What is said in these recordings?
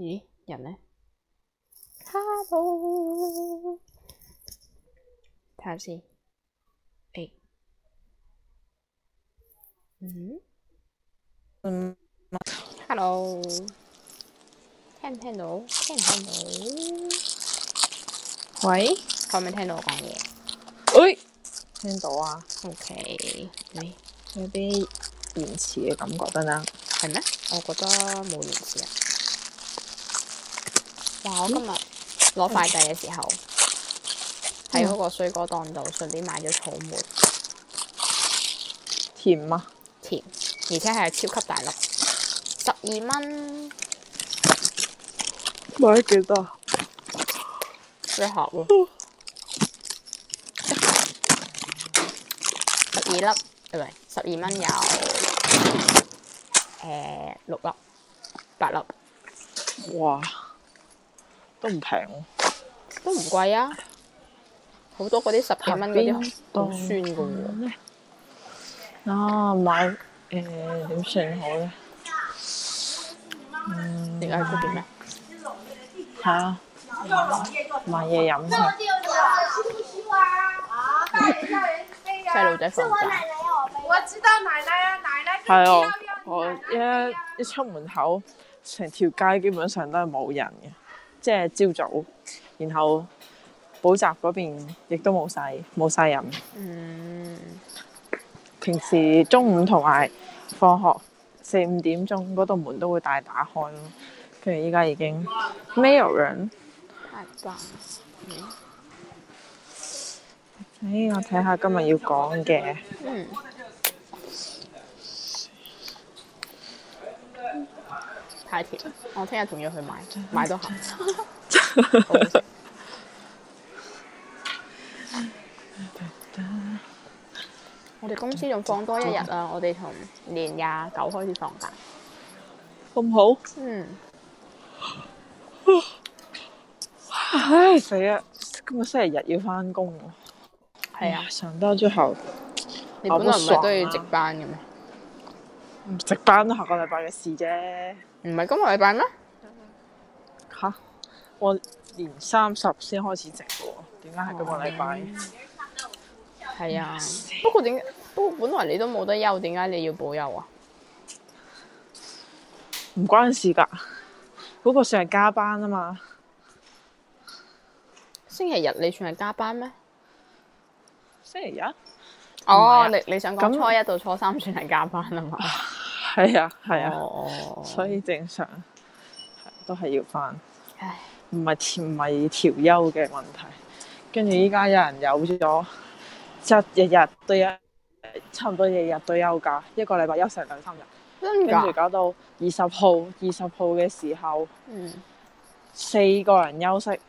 咦，人呢？Hello 睇下先。誒、欸，嗯，嗯？Hello 聽唔聽到？聽唔聽到？喂，可唔可以聽到我講嘢？喂，聽到啊。OK，有啲延遲嘅感覺，得啦。係咩？我覺得冇延遲啊。哇！我今日攞快遞嘅時候，喺嗰、嗯、個水果檔度順便買咗草莓，甜嗎、啊？甜，而且係超級大粒，十二蚊買咗幾多？一盒喎，十二、啊、 粒，係咪十二蚊有誒六、呃、粒、八粒，哇！都唔平，都唔貴啊！好多嗰啲十八蚊嗰啲都算噶喎。啊，啊，買誒點算好咧？呃、呢嗯，點解咁點咧？係啊，啊，買嘢飲啊！細路仔我奶奶放假，係啊， 我一一出門口，成條街基本上都係冇人嘅。即係朝早，然後補習嗰邊亦都冇晒，冇晒人。嗯，平時中午同埋放學四五點鐘嗰度門都會大打開咯。譬如依家已經咩油樣？係啩、嗯？誒，我睇下今日要講嘅。嗯。哎太甜，我聽日仲要去買，買都好。我哋公司仲放多一日啊！我哋從年廿九開始放假，好唔好？嗯。唉，死啦！今個星期日要翻工。係啊，上到最後，你本來唔係都要值班嘅咩？值班都下個禮拜嘅事啫。唔係今個禮拜咩？吓！我年三十先開始值嘅喎，點解係今個禮拜？係、哦、 啊， 不過點？不過本來你都冇得休，點解你要補休啊？唔關事噶，嗰個算係加班啊嘛。星期日你算係加班咩？星期日？哦，啊啊、你你想講初一到初三算係加班啊嘛？ 係啊，係啊，oh. 所以正常都係要翻，唔係唔係調休嘅問題。跟住依家有人有咗，即日日都有，差唔多日日都有休假，一個禮拜休成兩三日。真噶？跟住搞到二十號，二十號嘅時候，四、mm. 個人休息，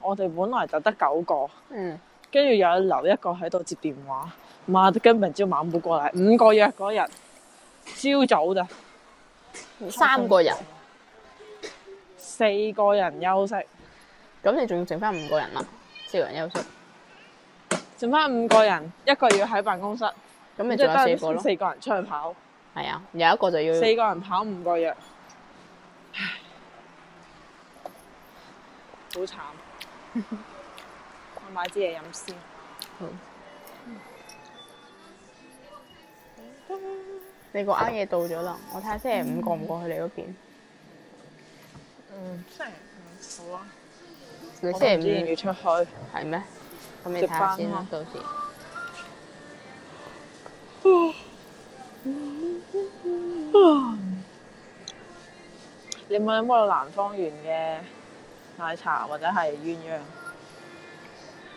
我哋本來就得九個，跟住又留一個喺度接電話，嘛都根本朝晚冇過嚟，五個約嗰日。朝早咋，三個人，四個人休息，咁你仲要剩翻五個人啦，四個人休息，剩翻五個人，一個要喺辦公室，咁你仲有四個四個人出去跑，係啊，有一個就要，四個人跑五個月，唉，好慘， 我買支嘢飲先，好、嗯。你個啱嘢到咗啦，我睇下星期五過唔過去你嗰邊。嗯，星期五好啊。你星期五要出去？係咩？我未睇先啦，到時。你有冇飲過南方園嘅奶茶或者係鴛鴦？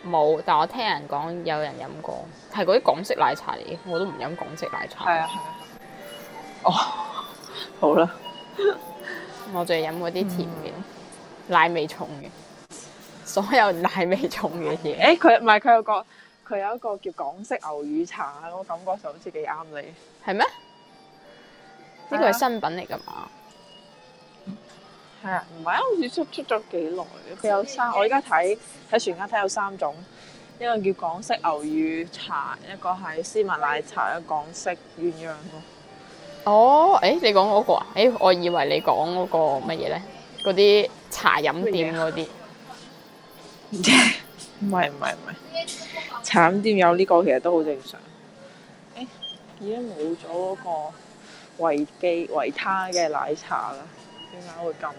冇，但係我聽人講有人飲過，係嗰啲港式奶茶嚟嘅，我都唔飲港式奶茶。係啊，係啊。哦，oh, 好啦了，我最飲嗰啲甜嘅，奶味重嘅， 所有奶味重嘅嘢。誒，佢唔係佢有個，佢有一個叫港式牛乳茶，我感覺就好似幾啱你。係咩嗎？呢個係新品嚟噶嘛？係啊、 哎，唔係啊？好似出出咗幾耐。佢有三，我而家睇喺船家睇有三種，一個叫港式牛乳茶，一個係絲襪奶茶，一個,一個港式鴛鴦咯。哦，誒、欸、你講嗰個啊？誒、欸、我以為你講嗰個乜嘢咧？嗰啲茶飲店嗰啲，唔係唔係唔係，茶飲店有呢個其實都好正常。誒、欸，而家冇咗嗰個維記維他嘅奶茶啦，點解會咁？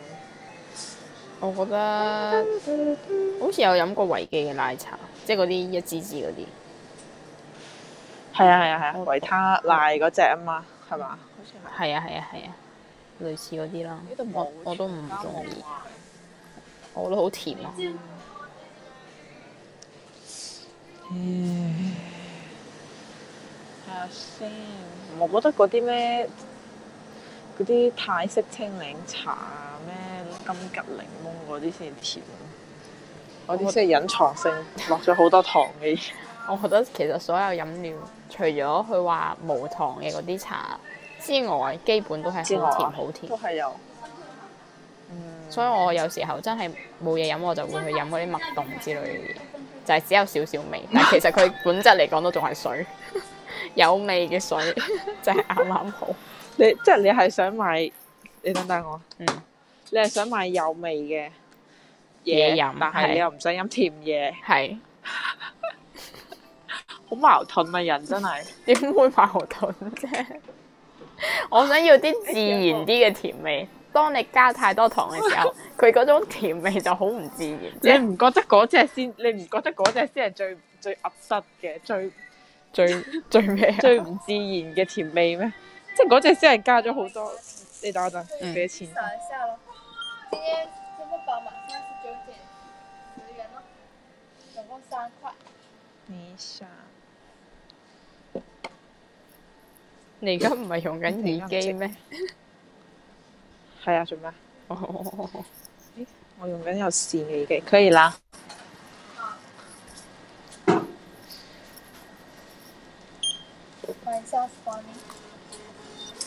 我覺得好似有飲過維記嘅奶茶，即係嗰啲一支支嗰啲。係啊係啊係啊，維他奶嗰隻啊嘛，係嘛、嗯？係 啊，係啊，係啊，類似嗰啲咯。我我都唔中意，我都好甜啊。睇下先。我覺得嗰啲咩嗰啲泰式青檸茶啊，咩金桔檸檬嗰啲先甜。嗰啲先係隱藏性落咗好多糖嘅嘢。 我覺得其實所有飲料，除咗佢話無糖嘅嗰啲茶。之外，基本都係甜好甜，好甜，啊。都係有，嗯、所以我有時候真係冇嘢飲，我就會去飲嗰啲麥凍之類嘅嘢，就係、是、只有少少味，但其實佢本質嚟講都仲係水， 有味嘅水，就係啱啱好。你即係你係想買，你等等我，嗯，你係想買有味嘅嘢飲，飲飲但係你又唔想飲甜嘢，係，好矛盾咪、啊、人真係，點 會矛盾啫？ 我想要啲自然啲嘅甜味。當你加太多糖嘅時候，佢嗰 種甜味就好唔自然你。你唔覺得嗰隻先？你唔覺得嗰隻先係最最噏塞嘅？最最最咩？最唔 自然嘅甜味咩？ 即係嗰隻先係加咗好多？ 你等我陣俾錢。等打一下咯，今天支付寶滿減十九點九元咯，總共三塊。你打。你而家唔係用緊耳機咩？係啊，做咩？哦，我用緊有線耳機，可以啦。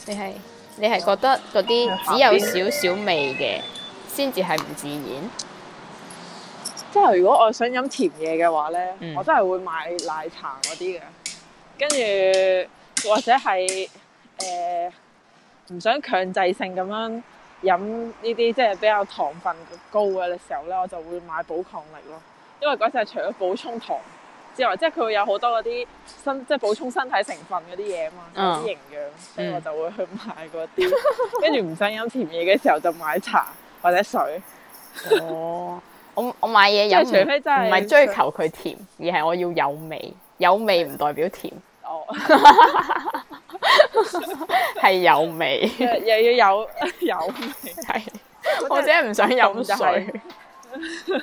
你係你係覺得嗰啲只有少少味嘅，先至係唔自然。即係如果我想飲甜嘢嘅話咧，我真係會買奶茶嗰啲嘅，跟住。或者係誒唔想強制性咁樣飲呢啲即係比較糖分的高嘅時候咧，我就會買補抗力咯。因為嗰陣除咗補充糖之外，即係佢會有好多嗰啲身即係補充身體成分嗰啲嘢啊嘛，啲營養，所以我就會去買嗰啲。跟住唔想飲甜嘢嘅時候，就買茶或者水。哦、 oh, 我我買嘢飲，除非真係唔係追求佢甜，而係我要有味。有味唔代表甜。 係有 味 又，又要有有味，係 我者係唔想飲水。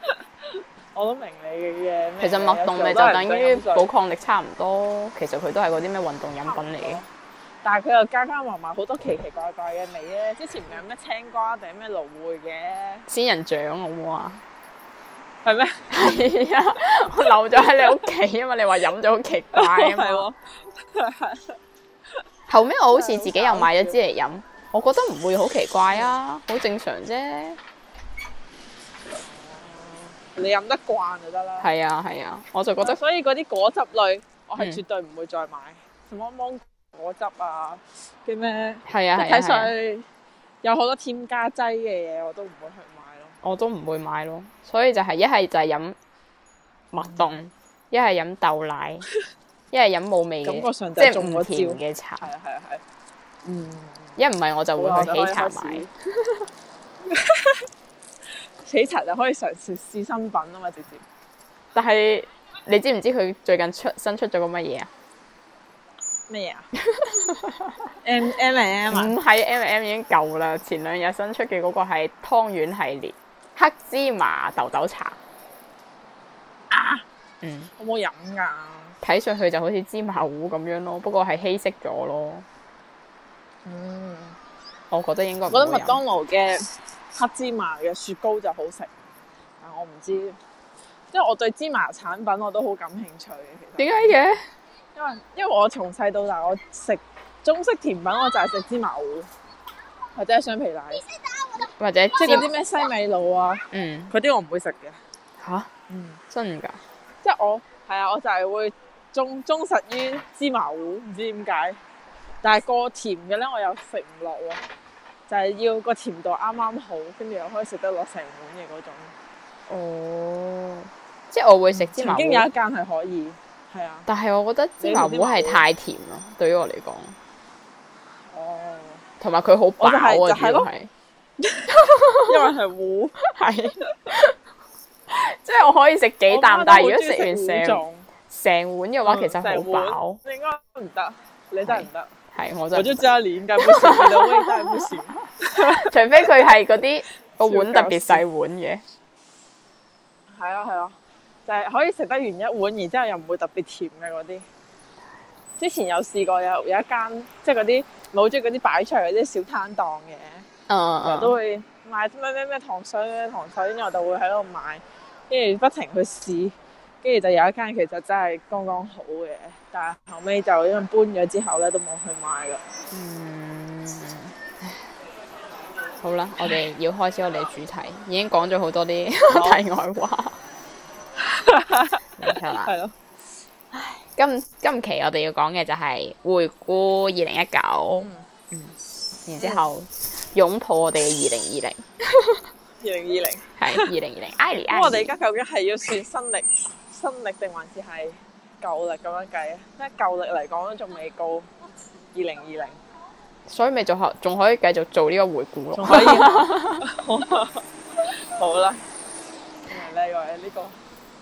我都明你嘅。嘢。其實脈動咪就等於補抗力差唔多，其實佢都係嗰啲咩運動飲品嚟嘅。 但係佢又加加埋埋好多奇奇怪怪嘅味咧。之前唔係有咩青瓜定咩蘆薈嘅仙人掌好唔好啊。係咩？係啊， 我留咗喺你屋企啊嘛！你話飲咗好奇怪啊！係喎，係。後尾我好似自己又買咗支嚟飲，我覺得唔會好奇怪啊，好正常啫。你飲得慣就得啦。係啊係啊，我就覺得。嗯、所以嗰啲果汁類，我係絕對唔會再買，什麼芒果果汁啊嘅咩，即啊。睇、啊、上去、啊、有好多添加劑嘅嘢，我都唔會去。我都唔會買咯，所以就係一係就係飲麥凍，一係飲豆奶，一係飲冇味嘅，即係唔甜嘅茶。係啊係啊係，嗯，一唔係我就會去喜茶買。喜茶就可以嘗試試新品啊嘛直接。但係你知唔知佢最近出新出咗個乜嘢啊？乜嘢啊？M M M 啊？唔係 M M 已經夠啦，前兩日新出嘅嗰個係湯圓系列。黑芝麻豆豆茶啊，嗯，我有冇飲啊。睇上去就好似芝麻糊咁樣咯，不過係稀釋咗咯。嗯，我覺得應該。我覺得麥當勞嘅黑芝麻嘅雪糕就好食，但我唔知，因為我對芝麻產品我都好感興趣嘅。其實。點解嘅？因為因為我從細到大，我食中式甜品我就係食芝麻糊或者係雙皮奶。或者即係嗰啲咩西米露啊，嗯，佢啲我唔會食嘅吓，嗯，真噶，即係我係啊，我就係會，會忠忠實於芝麻糊，唔知點解，但係個甜嘅咧，我又食唔落喎，就係、是、要個甜度啱啱好，跟住又可以食得落成碗嘅嗰種。哦，即係我會食芝麻糊，曾經有一間係可以，係啊，但係我覺得芝麻糊係太甜咯，對於我嚟講，哦，同埋佢好飽啊，主係。 因為係糊，係， 即係我可以食幾啖，但係如果食完成成、嗯、碗嘅話，其實好飽。應該唔得，你真係唔得。係我我就知道你應該不行，你的味真係不行。 不行 除非佢係嗰啲個碗特別細碗嘅，係 啊，係啊！就係、係、可以食得完一碗，然之後又唔會特別甜嘅嗰啲。之前有試過有有一間，即係嗰啲我好中意嗰啲擺出嚟嗰啲小攤檔嘅。Oh, oh. 都會買咩咩咩糖水糖水，跟住我就會喺度買，跟住不停去試，跟住就有一間其實真係剛剛好嘅，但後尾就因為搬咗之後咧，都冇去買咯。嗯，好啦，我哋要開始我哋嘅主題， 已經講咗好多啲題外話，係嘛？係咯。唉，今今期我哋要講嘅就係回顧二零一九，然之後。 擁抱我哋嘅二零二零，二零二零係二零二零。咁我哋而家究竟係要算新曆新曆定還是係舊曆咁樣計啊？即係舊曆嚟講都仲未過二零二零，所以咪仲可以繼續做呢個回顧咯。好啦，唔係咧，又係呢個。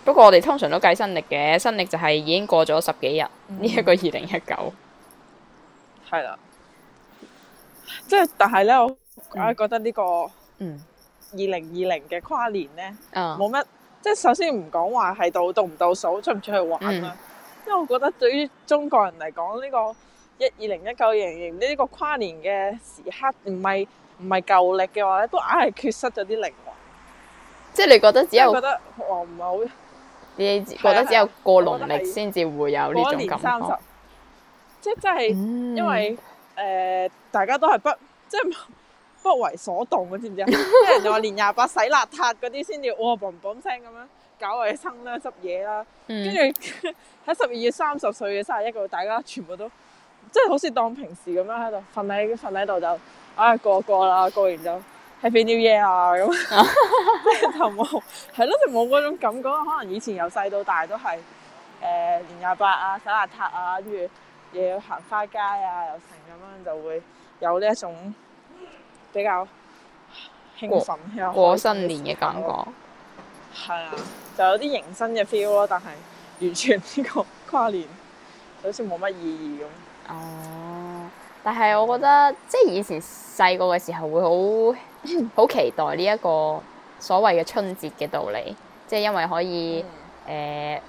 不過我哋通常都計新曆嘅，新曆就係已經過咗十幾日呢一個二零一九，係啦。即係，但係咧，我我覺得呢個嗯二零二零嘅跨年咧，冇乜、嗯，即係首先唔講話係到倒唔倒數，出唔出去玩啦。嗯、因為我覺得對於中國人嚟講，呢、這個一二零一九二零二零呢個跨年嘅時刻，唔係唔係舊曆嘅話咧，都硬係缺失咗啲靈魂。即係你覺得只有覺得我唔係好，你覺得只有過農曆先至會有呢種感覺。30，即真係，因為誒。嗯呃大家都係不即係不為所動嘅，知唔知啊？啲人又話年廿八洗邋遢嗰啲先至「哇嘣嘣聲咁樣搞衛生啦，執嘢啦。跟住喺十二月三十歲嘅卅一個，大家全部都即係好似當平時咁樣喺度瞓喺瞓喺度就，唉、哎、過過啦，過完就 Happy New Year 啊咁，就冇係咯，就冇嗰種感覺。可能以前由細到大都係誒年廿八啊洗邋遢啊，跟住又要行花街 also, 啊又成咁樣就會。啊有呢一種比較興奮、比較過新年嘅感覺，係 啊，就有啲迎新嘅 feel 咯，但係完全呢個跨年好似冇乜意義咁。哦、呃，但係我覺得即係、就是、以前細個嘅時候會好好 期待呢一個所謂嘅春節嘅道理，即、就、係、是、因為可以誒、嗯呃、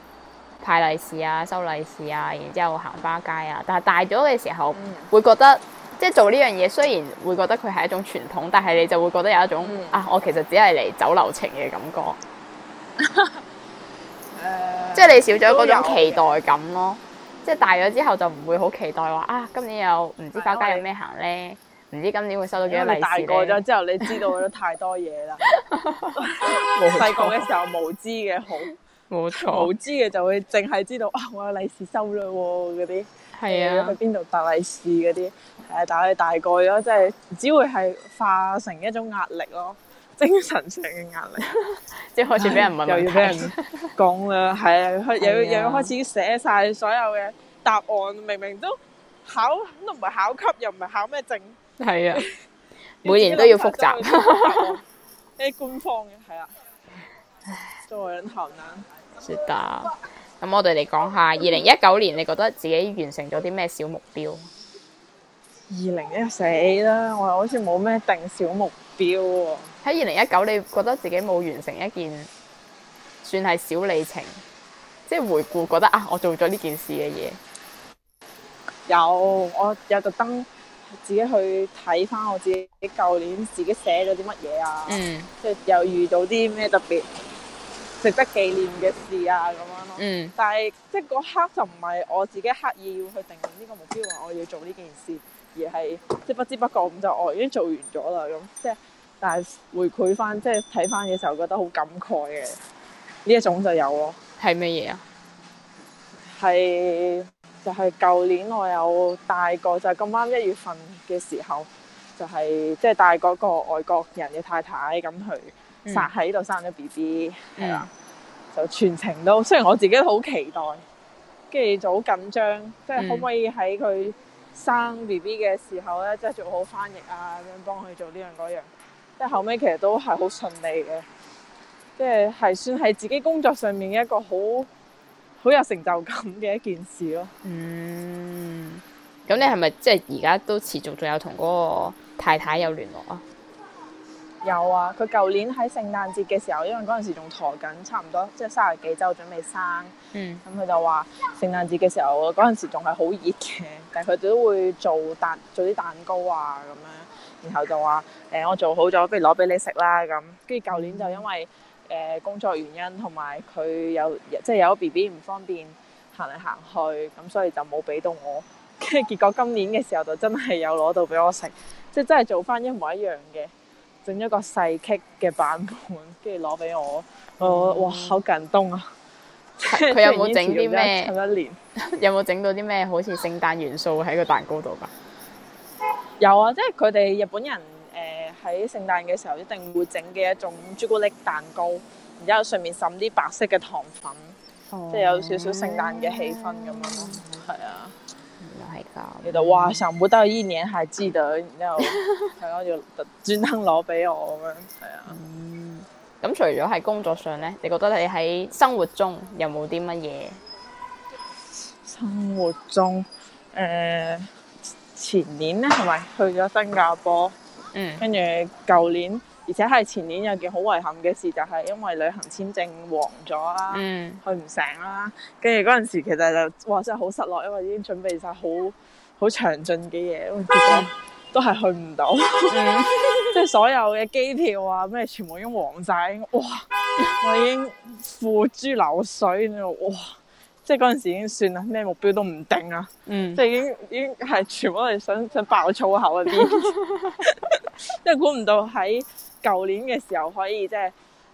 派利是啊、收利是啊，然之後行花街啊，但係大咗嘅時候、嗯、會覺得。即係做呢樣嘢，雖然會覺得佢係一種傳統，但係你就會覺得有一種、嗯、啊，我其實只係嚟走流程嘅感覺。 即係你少咗嗰種期待感咯。即係大咗之後就唔會好期待話啊，今年有唔知花街有咩行呢？唔因為 知今年會收到幾多利是。大過咗之後，你知道咗太多嘢啦。細個嘅時候知錯錯無知嘅好，冇錯，無知嘅就會淨係知道啊！我有利是收啦，嗰啲。係啊，去邊度搭利是嗰啲，誒，打去大個咗，即、就、係、是、只會係化成一種壓力咯，精神上嘅壓力，即係開始俾人問,問， 又要俾人講啦，係、 啊，又又要開始寫晒所有嘅答案，明明都考都唔係考級，又唔係考咩證，係啊，每年都要複習，呢 官方嘅，係啊，都做人好啊，是的、嗯。嗯嗯咁我哋嚟講下二零一九年，你覺得自己完成咗啲咩小目標？二零一四啦，我好似冇咩定小目標喎。喺二零一九，你覺得自己冇完成一件算係小里程，即係回顧覺得啊，我做咗呢件事嘅嘢。有，我有特登自己去睇翻我自己舊年自己寫咗啲乜嘢啊，嗯，即係又遇到啲咩特別，值得紀念嘅事啊，咁樣咯。嗯。但係即係嗰刻就唔係我自己刻意要去定呢個目標話我要做呢件事，而係即係不知不覺咁就我已經做完咗啦。咁即係，但係回顧翻即係睇翻嘅時候，覺得好感慨嘅呢一種就有咯。係咩嘢啊？係就係、係、舊年我有帶過，就係咁啱一月份嘅時候，就係即係帶嗰個外國人嘅太太咁去。殺喺度生咗 B B 係啦，就全程都雖然我自己都好期待，跟住就好緊張，即係可唔可以喺佢生 B B 嘅時候咧，即係、嗯、做好翻譯啊，咁樣幫佢做呢樣嗰樣，即係後尾其實都係好順利嘅，即係係算係自己工作上面一個好好有成就感嘅一件事咯。嗯，咁你係咪即係而家都持續仲有同嗰個太太有聯絡啊？有啊，佢舊年喺聖誕節嘅時候，因為嗰陣時仲陀緊，差唔多即係三十幾周準備生，咁佢、嗯嗯、就話聖誕節嘅時候，嗰陣時仲係好熱嘅，但係佢哋都會做蛋做啲蛋糕啊咁樣，然後就話誒、欸、我做好咗，不如攞俾你食啦咁。跟住舊年就因為誒、呃、工作原因同埋佢有即係有 B B 唔方便行嚟行去，咁、嗯、所以就冇俾到我。跟住結果今年嘅時候就真係有攞到俾我食，即係真係做翻一模一樣嘅。整一個細劇嘅版本，跟住攞俾我，我、嗯、哇，哇好感動啊！佢 有冇整啲咩？差一年有冇整到啲咩？好似聖誕元素喺個蛋糕度噶？有啊，即係佢哋日本人誒喺、呃、聖誕嘅時候一定會整嘅一種朱古力蛋糕，然之後上面滲啲白色嘅糖粉， 即係有少少聖誕嘅氣氛咁樣咯。係 啊。你就、嗯、哇，想不到一年還記得，然後係咯，要特專登攞俾我咁樣，係啊、嗯。咁、嗯、除咗喺工作上咧，你覺得你喺生活中有冇啲乜嘢？生活中，誒、呃，前年咧係咪去咗新加坡？嗯，跟住舊年。而且係前年有件好遺憾嘅事，就係、是、因為旅行簽證黃咗啦，嗯、去唔成啦。跟住嗰陣時其實就，哇真係好失落，因為已經準備晒好好詳盡嘅嘢，結果都係去唔到。嗯、 即係所有嘅機票啊咩全部已經都黃曬，哇！我已經付諸流水，哇！即係嗰陣時已經算啦，咩目標都唔定啊，嗯、即係已經已經係全部都係想想爆粗口嗰啲。嗯 即係估唔到喺舊年嘅時候可以即係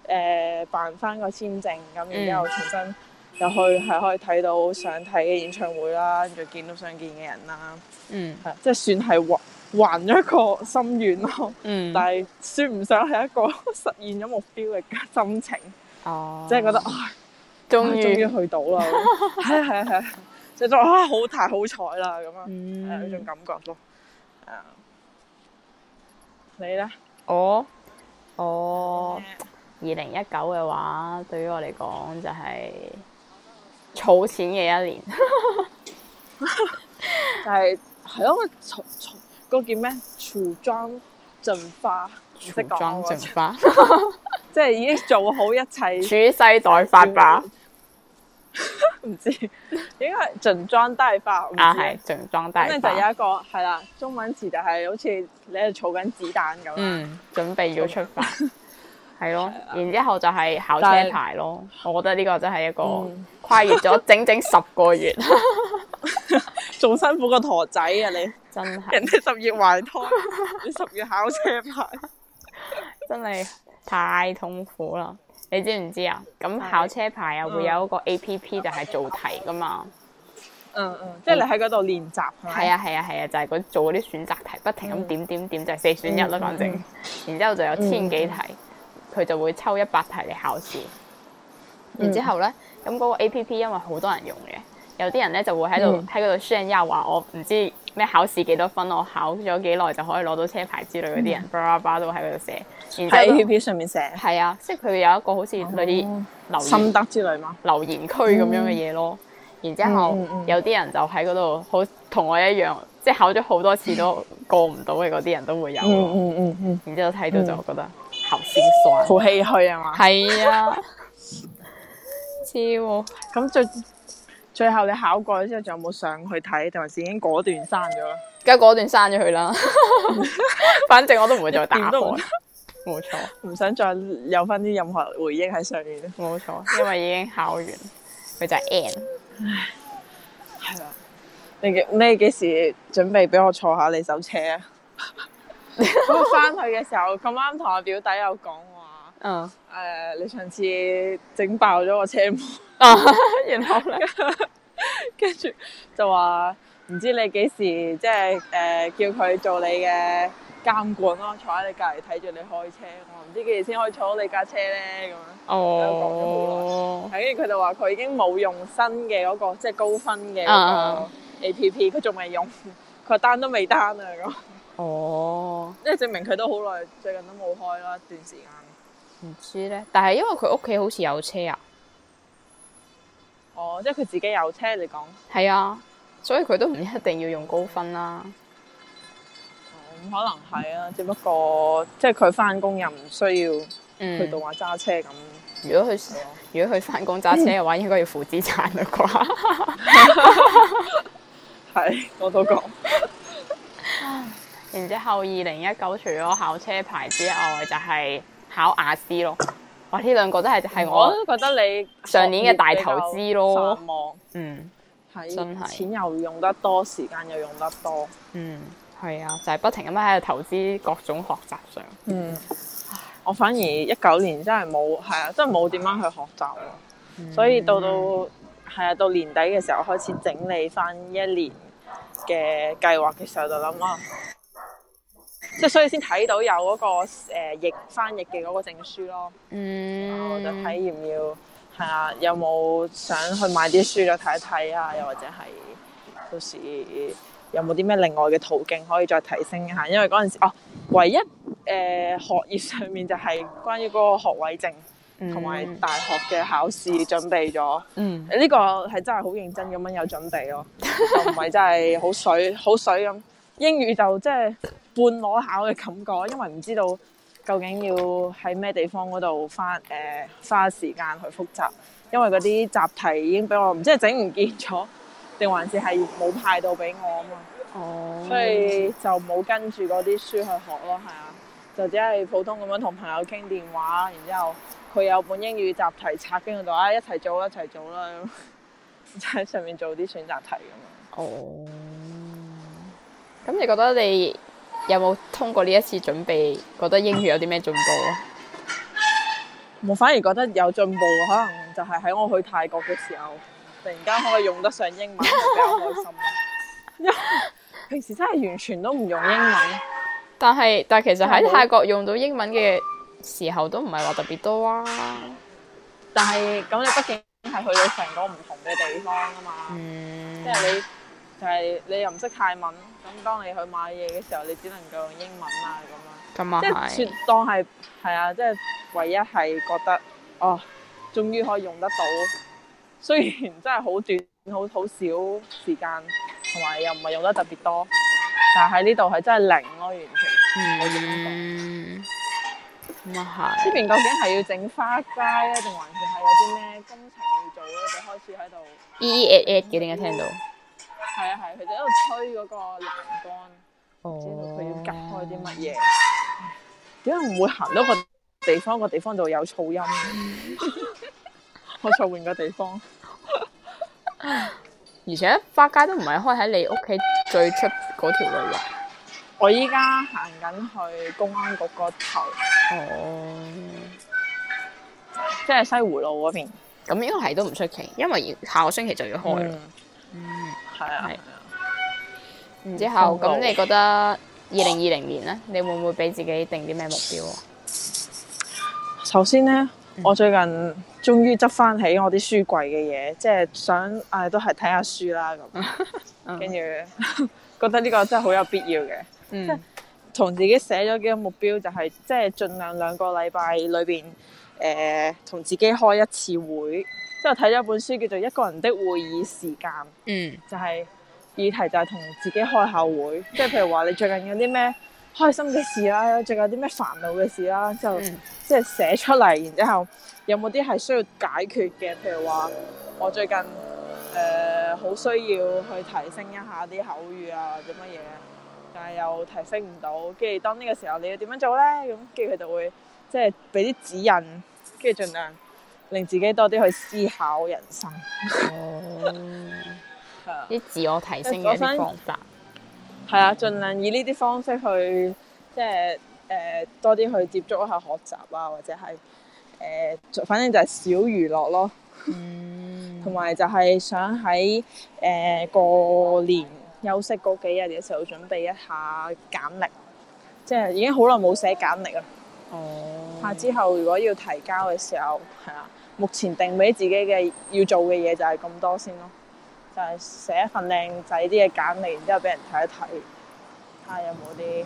誒辦翻個簽證咁，然後重新又去係可以睇到想睇嘅演唱會啦，跟住見到想見嘅人啦，嗯，係 即係算係還還咗一個心願咯，嗯，但係算唔上係一個實現咗目標嘅心情，哦，即係覺得終於啊，終於去到啦，係啊係啊係啊，即係覺得啊好太好彩啦咁啊，係、嗯、一、嗯嗯嗯、種感覺咯，啊。你咧？我我二零一九嘅話，對於我嚟講就係、是、儲錢嘅一年，但係係囉個叫咩？儲裝進化，儲裝進化，即係已經做好一切，蓄勢待發吧。唔 知，應該係整裝待發。啊，係整裝待發。咁就有一個係啦，中文詞就係好似你喺度儲緊子彈咁，嗯，準備要出發，係中文 咯。的然之後就係考車牌咯。對我覺得呢個真係一個、嗯、跨越咗整整十個月，仲 辛苦過陀仔啊！你真係的，人哋十月懷胎， 你十月考車牌， 真係太痛苦啦。你知唔知啊？咁考車牌啊，會有一個 A P P 就係做題噶嘛。嗯嗯，即係你喺嗰度練習。係啊係啊係啊，就係、是、做嗰啲選擇題，不停咁點點點，就係、是、四選一啦，反正、嗯。嗯、然之後就有千幾題，佢、嗯、就會抽一百題嚟考試。嗯、然之後咧，咁、那、嗰個 A P P 因為好多人用嘅，有啲人咧就會喺度喺嗰度 share，又話我唔知。咩考試幾多分？我考咗幾耐就可以攞到車牌之類嗰啲人，巴拉都喺嗰度寫，然後喺 A P P 上面寫。係啊，即係佢有一個好似類似心得之類嘛，留言區咁樣嘅嘢咯。然之後有啲人就喺嗰度，好同我一樣，即係考咗好多次都過唔到嘅嗰啲人都會有、啊。嗯嗯嗯嗯。然之後睇到就覺得好心酸，好唏噓啊嘛。係啊，知喎。咁最。最後你考過之後，仲有冇上去睇，定係已經果斷刪咗啦？梗果斷刪咗佢啦， 反正我都唔會再打波。冇錯，唔想再有翻啲任何回應喺上面。冇錯，因為已經考完，佢就 end。係啦、啊，你幾你幾時準備俾我坐下你手車啊？我翻去嘅時候咁啱同我表弟有講話，嗯，誒、呃，你上次整爆咗我車門。啊， 然後咧呢，跟住 就話唔知你幾時即係誒、呃、叫佢做你嘅監管咯，坐喺你隔籬睇住你開車。我、嗯、唔知幾時先可以坐到你架車咧咁樣。哦、oh.。講咗好耐。係，跟住佢就話佢已經冇用新嘅嗰、那個即係高分嘅 A P P，佢仲未用，佢單都未單啊咁。哦。即係、oh. 證明佢都好耐，最近都冇開啦一段時間。唔知咧，但係因為佢屋企好似有車啊。哦，即係佢自己有車嚟講，係啊，所以佢都唔一定要用高分啦、嗯。可能係啊，只不過即係佢翻工又唔需要去到話揸車咁。嗯、樣如果佢我如果佢翻工揸車嘅話，嗯、應該要付資產啦啩。係， 我都講。 然之後二零一九除咗考車牌之外，就係、是、考雅思咯。呢兩、啊、個都係係、嗯、我，我覺得你上年嘅大投資咯，嗯，係真係錢又用得多，時間又用得多，嗯，係啊，就係不停咁喺度投資各種學習上，嗯，我反而一九年真係冇，係啊，真係冇點樣去學習喎，嗯、所以到到係啊到年底嘅時候開始整理翻一年嘅計劃嘅時候我就諗啊。 即係所以先睇到有嗰、那個誒譯、呃、翻譯嘅嗰個證書咯，我覺得體驗要係啊，有冇想去買啲書再睇一睇啊？又或者係到時有冇啲咩另外嘅途徑可以再提升一下？因為嗰陣時哦、啊，唯一誒、呃、學業上面就係關於嗰個學位證同埋、mm. 大學嘅考試準備咗。嗯，呢個係真係好認真咁樣有準備咯，就唔係 真係好水好水咁。英語就即係。半裸考嘅感覺，因為唔知道究竟要喺咩地方嗰度花誒花時間去複習，因為嗰啲習題已經俾我唔知係整唔見咗，定還是係冇派到俾我啊嘛？哦，oh. 所以就冇跟住嗰啲書去學咯，係啊，就只係普通咁樣同朋友傾電話，然之後佢有本英語習題拆喺嗰度，啊一齊做啦，一齊做啦， 就喺上面做啲選擇題咁啊。哦，咁你覺得你？有冇通過呢一次準備，覺得英語有啲咩進步啊？我反而覺得有進步，可能就係喺我去泰國嘅時候，突然間可以用得上英文，比較開心。 平時真係完全都唔用英文， 但係但係其實喺泰國用到英文嘅時候都唔係話特別多啊。但係咁你畢竟係去到成個唔同嘅地方啊嘛，即係、嗯、你就係、是、你又唔識泰文。咁當你去買嘢嘅時候，你只能夠用英文啊咁啊，即係當係係啊，即係唯一係覺得哦，終於可以用得到。雖然真係好短，好好少時間，同埋又唔係用得特別多，但係喺呢度係真係零咯，完全唔會用。咁啊係。呢邊究竟係要整花街啊，定還是係有啲咩工程要做咧？就開始喺度。咦咦誒誒幾點解聽到？係啊，係啊，佢哋喺度吹嗰個欄杆，唔知道佢要隔開啲乜嘢。點解唔會行到個地方，那個地方就有噪音？ 我再換個地方。 而且花街都唔係開喺你屋企最出嗰條路。啊。 我依家行緊去公安局個頭。哦。Oh. 即係西湖路嗰邊。咁應該係都唔出奇，因為下個星期就要開啦。Mm. 嗯，係啊，係啊。然、嗯、之後咁，你覺得二零二零年咧，你會唔會俾自己定啲咩目標？首先咧，嗯、我最近終於執翻起我啲書櫃嘅嘢，即、就、係、是、想誒、啊，都係睇下書啦咁。跟住覺得呢個真係好有必要嘅，即係同自己寫咗幾個目標，就係即係盡量兩個禮拜裏邊誒、同、呃呃呃、自己開一次會。就睇咗一本書叫做《一個人的會議時間》，嗯，就係、是、議題就係同自己開下會，即係譬如話你最近有啲咩開心嘅事啦，最近有啲咩煩惱嘅事啦，就即係寫出嚟，然之後，、嗯、後有冇啲係需要解決嘅，譬如話我最近誒好、呃、需要去提升一下啲口語啊，定乜嘢，但係又提升唔到，跟住當呢個時候你要點樣做咧？咁跟住佢就會即係俾啲指引，跟住盡量。令自己多啲去思考人生，哦，啲自 我提升嘅啲方法，係啊番，盡、嗯、量以呢啲方式去，即係誒多啲去接觸一下學習啊，或者係誒、呃，反正就係小娛樂咯。嗯，同埋就係想喺誒、呃、過年休息嗰幾日嘅時候，準備一下簡歷，即、就、係、是、已經好耐冇寫簡歷啊。哦，怕之後如果要提交嘅時候，係啊、嗯。目前定俾自己嘅要做嘅嘢就係咁多先咯，就係、是、寫一份靚仔啲嘅簡歷，然之後俾人睇一睇，睇下有冇啲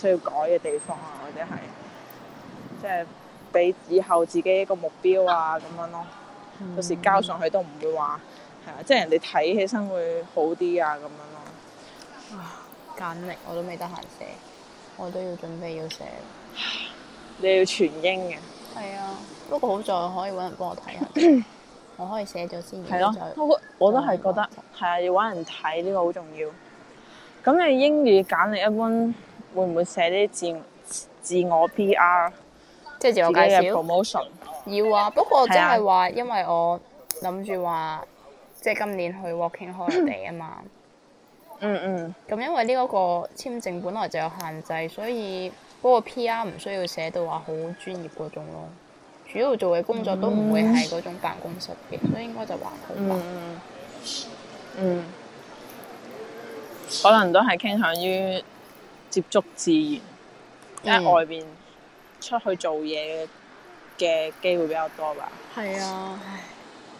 需要改嘅地方啊，或者係即係俾以後自己一個目標啊咁樣咯。嗯、到時交上去都唔會話係啊，即係人哋睇起身會好啲啊咁樣咯。簡歷我都未得閒寫，我都要準備要寫。你要全英嘅？係啊，不過好在可以搵人幫我睇下。 我可以寫咗先，再、啊。不過我都係覺得係 啊，要搵人睇呢、這個好重要。咁你英語簡歷一般會唔會寫啲自自我 PR，即係自我介紹 promotion。要啊，不過即係話，因為我諗住話，啊、即係今年去 working holiday 啊 嘛。嗯嗯。咁因為呢嗰個簽證本來就有限制，所以。嗰個 P. R. 唔需要寫到話好專業嗰種咯，主要做嘅工作都唔會係嗰種辦公室嘅，嗯、所以應該就還好啦、嗯。嗯，可能都係傾向於接觸自然，因為、嗯、外邊出去做嘢嘅機會比較多吧。係啊，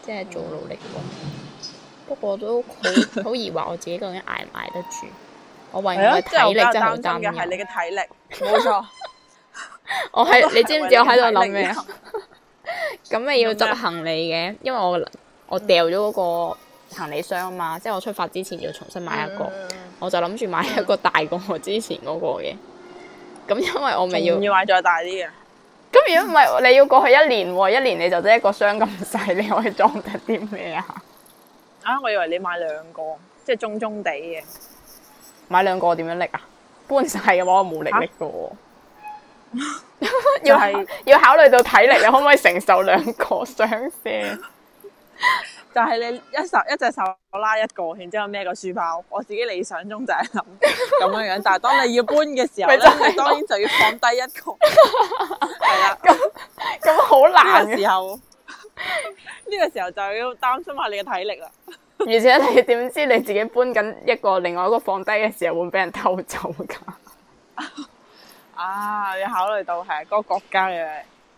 即係、就是、做努力喎。嗯、不過都好好疑惑我自己究竟捱唔捱得住。 我為你嘅體力真係好擔憂，係你嘅體力，冇錯。我喺你知唔知我喺度諗咩啊？咁咪 要執行李嘅，因為我我掉咗嗰個行李箱啊嘛，嗯、即係我出發之前要重新買一個，嗯、我就諗住買一個大過我之前嗰個嘅。咁 因為我咪要要買再大啲嘅。咁如果唔係你要過去一年，一年你就得一個箱咁細，你可以裝得啲咩啊？ 啊，我以為你買兩個，即係中中地嘅。買兩個點樣拎啊？搬晒嘅話我冇力拎噶，要係 要考慮到體力，你可唔可以承受兩個？想飛，就係你一手一隻手拉一個，然之後孭個書包。我自己理想中就係咁咁樣樣， 但係當你要搬嘅時候 你當然就要放低一個。係啦， 咁咁好難嘅時候，呢、 這個時候就要擔心下你嘅體力啦。 而且你點知你自己搬緊一個，另外一個放低嘅時候會俾人偷走噶？ 啊，你考慮到係嗰、嗰個國家嘅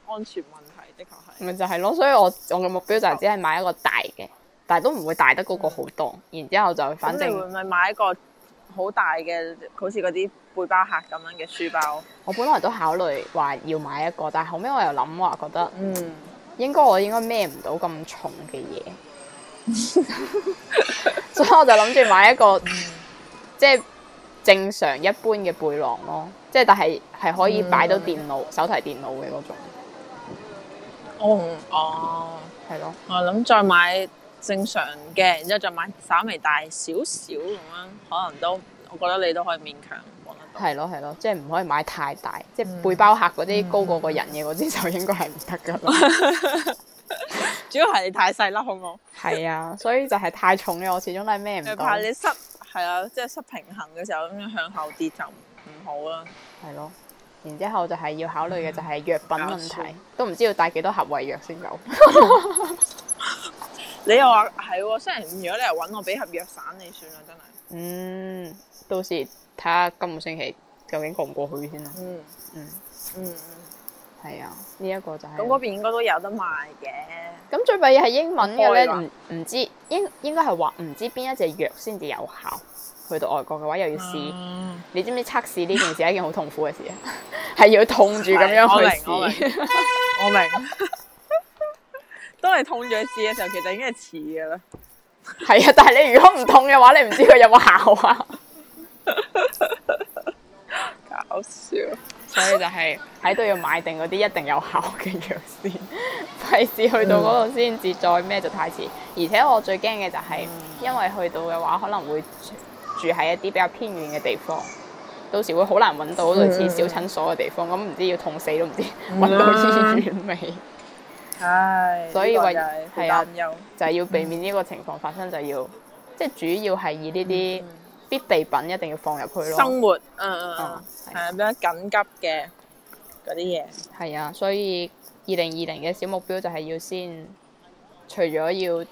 安全問題，的確係。咪就係咯，所以我我嘅目標就係只係買一個大嘅，哦、但係都唔會大得嗰個好多。嗯、然之後就反正，唔咪、嗯、會唔會買一個好大嘅，好似嗰啲背包客咁樣嘅書包。我本來都考慮話要買一個，但係後尾我又諗話覺得，嗯，應該我應該孭唔到咁重嘅嘢。 所以我就諗住買一個即係、嗯就是、正常一般嘅背囊咯，即係但係係可以擺到電腦、嗯、手提電腦嘅嗰種。哦哦，係、哦、咯。我諗再買正常嘅，然之後再買稍微大少少咁樣，可能都我覺得你都可以勉強攞得。係咯係咯，即係唔可以買太大，即係背包客嗰啲高過個人嘅嗰啲就應該係唔得噶啦。 主要係你太細粒，好唔好？係啊，所以就係太重嘅，我始終都係咩唔怕你失，係啊，即、就、係、是、失平衡嘅時候咁樣向後跌就唔好啦。係咯，然之後就係要考慮嘅就係藥品問題，嗯、都唔知要帶幾多盒胃藥先夠。 你又話係、啊，雖然唔如果你嚟搵我俾盒藥散，你算啦，真係。嗯，到時睇下今個星期究竟過唔過去先啦。嗯嗯嗯。嗯係啊，呢一、呢個就係咁，嗰邊應該都有得賣嘅。咁最弊嘢係英文嘅咧，唔唔知應應該係話唔知邊一隻藥先至有效。去到外國嘅話，又要試。嗯、你知唔知測試呢件事係一件好痛苦嘅事啊？係 要痛住咁樣去試。我明。我明 當你痛咗試嘅時候，其實已經係遲噶啦。係 啊，但係你如果唔痛嘅話，你唔知佢有冇效啊。 好笑，所以就係喺度要買定嗰啲一定有效嘅藥先，費事去到嗰度先至再咩就太遲。而且我最驚嘅就係，因為去到嘅話可能會住喺一啲比較偏遠嘅地方，到時會好難揾到類似小診所嘅地方。咁唔、嗯嗯、知要痛死都唔知揾到醫院未？唉，所以為係啊，就係、是、要避免呢個情況發生，就要、嗯、即係主要係以呢啲。必備品一定要放入去咯。生活，嗯嗯，係啊，是是比較緊急嘅嗰啲嘢。係啊，所以二零二零嘅小目標就係要先除咗要